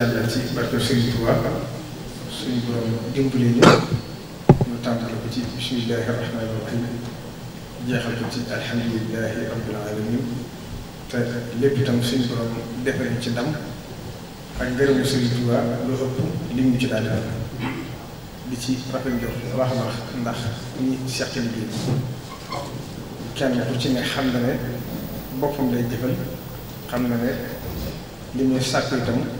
yàlla ci barke Serigne Touba suñu borom dimbali ñu ñu tàntal ko ci bismillahi rahmaani rahim jeexal ci alhamdulilahi rabbil alamin te lépp itam suñu borom defal ci ndam ak ngërëmu Serigne Touba lu ëpp li ci daal di ci rafet jox wax ndax ñi seqal bi kenn ku ci ne xam na ne boppam lay jëfal xam na ne li muy sàkk itam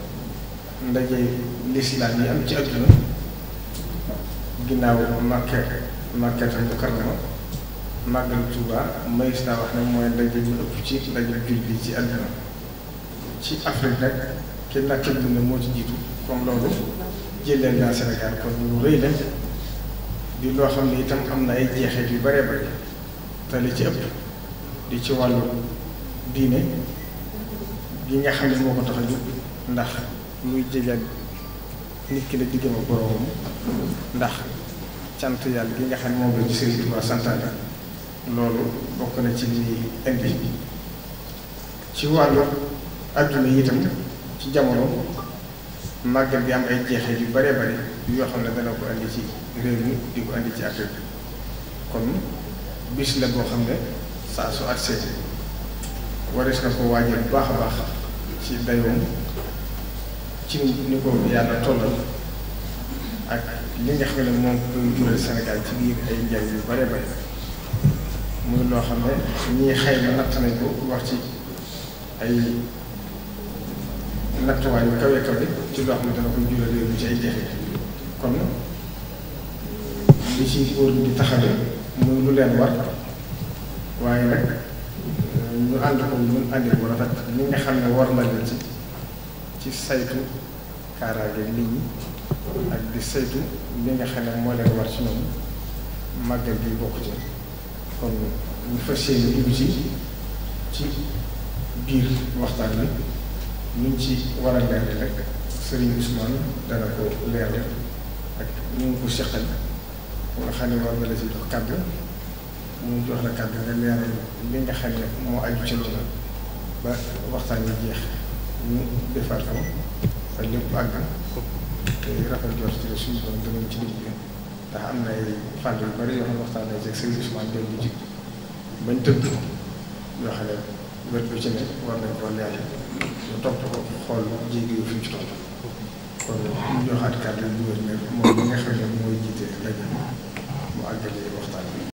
ndaje lislaam yi am ci àdduna ginnaaw màkket màkket ak mukarrama màggal Tuubaa mayis naa wax ne mooy ndaje bu ëpp ci ndaje julli ci àdduna ci Afrique nag kenn nag kenn ne moo ci jiitu comme loolu jëlee naa Sénégal kon lu rëy la di loo xam ne itam am na ay jeexeet yu bare bare te li ci ëpp di ci wàllu diine gi nga xam ne moo ko tax a jóg ndax muy jege ak nit ki la diggam ak boroomam ndax cant yàlla gi nga xam ne moom la ñu Sëriñ Tuubaa santaane loolu bokk na ci li indi ci wàllu adduna yi itam ci jamono màggal bi am ay jeexee yu bare bare yoo xam ne dana ko indi ci réew mi di ko indi ci at bi kon bis la boo xam ne saa su at seeti waris na ko waajal bu baax a baax ci dayoom ci ni ko yàlla tollal ak li nga xam ne moom koy jural Sénégal ci biir ay njàng yu bare bare muy loo xam ne ñii xayma natt nañ ko wax ci ay nattuwaay yu kawe kawe ci loo xam ne dana koy jural yooyu ci ay jafe kon li ci góor di taxawee muy lu leen war waaye nag ñu ànd ko ñun àndi ko rafet li nga xam ne war na leen ci ci saytu kaaraange nit ñi ak di saytu li nga xam ne moo leen war ci ñoom màggal gi bokk ci kon ñu fas yéene dugg ci ci biir waxtaan bi ñu ci war a leeral rek ak ñu ngi ko seqal nga xam ne war nga ci jox kàddu mu jox la kàddu nga leeral li nga xam ne moo aju ci loolu ba waxtaan yi jeex. ñu defaat ko ba lépp àgg na te rafet jot ci suñu doon danañ ci liggéey ndax am na ay fànn yu bari yoo xam ne waxtaan nañ ci sëriñ Ousmane Diop bu jig bañ tëdd ko yoo xam ne wet ci ne war nañ ko leer ñu topp ko xool jéegi yu fi ñu ci topp kon ñu joxaat kàddu gouverneur moom mi nga xam ne mooy jiite rajo mu àggalee waxtaan bi